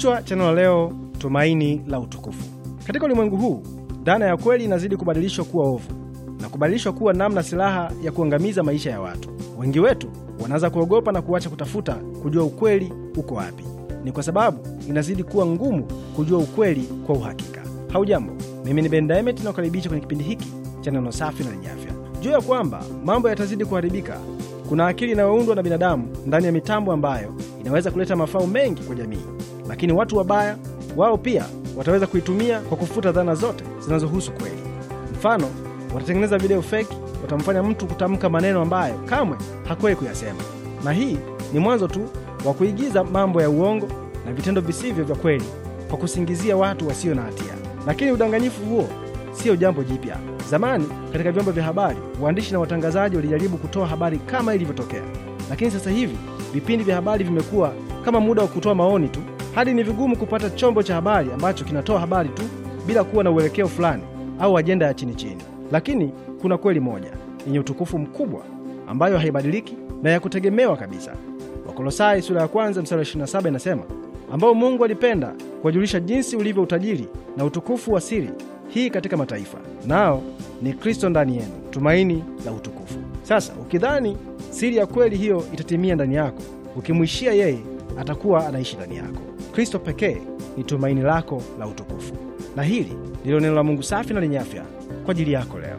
Kichwa cha neno leo, tumaini la utukufu. Katika ulimwengu huu, dhana ya kweli inazidi kubadilishwa kuwa ovu na kubadilishwa kuwa namna silaha ya kuangamiza maisha ya watu. Wengi wetu wanaanza kuogopa na kuacha kutafuta kujua ukweli uko wapi. Ni kwa sababu inazidi kuwa ngumu kujua ukweli kwa uhakika. Haujambo, mimi ni Ben Daimet na kwenye kipindi hiki cha neno safi na lenye afya. juu ya kwamba mambo yatazidi kuharibika, kuna akili inayoundwa na binadamu ndani ya mitambo ambayo inaweza kuleta mafao mengi kwa jamii, lakini watu wabaya wao pia wataweza kuitumia kwa kufuta dhana zote zinazohusu kweli. Mfano, watatengeneza video feki, watamfanya mtu kutamka maneno ambayo kamwe hakuwahi kuyasema, na hii ni mwanzo tu wa kuigiza mambo ya uongo na vitendo visivyo vya kweli kwa kusingizia watu wasio na hatia. Lakini udanganyifu huo siyo jambo jipya. Zamani katika vyombo vya habari, waandishi na watangazaji walijaribu kutoa habari kama ilivyotokea, lakini sasa hivi vipindi vya habari vimekuwa kama muda wa kutoa maoni tu, hadi ni vigumu kupata chombo cha habari ambacho kinatoa habari tu bila kuwa na uelekeo fulani au ajenda ya chini chini. Lakini kuna kweli moja yenye utukufu mkubwa ambayo haibadiliki na ya kutegemewa kabisa. Wakolosai sura ya kwanza mstari 27 inasema, ambao Mungu alipenda kuwajulisha jinsi ulivyo utajiri na utukufu wa siri hii katika mataifa, nao ni Kristo ndani yenu, tumaini la utukufu. Sasa ukidhani Siri ya kweli hiyo itatimia ndani yako. Ukimwishia yeye, atakuwa anaishi ndani yako. Kristo pekee ni tumaini lako la utukufu. Na hili ndilo neno la Mungu safi na lenye afya kwa ajili yako leo.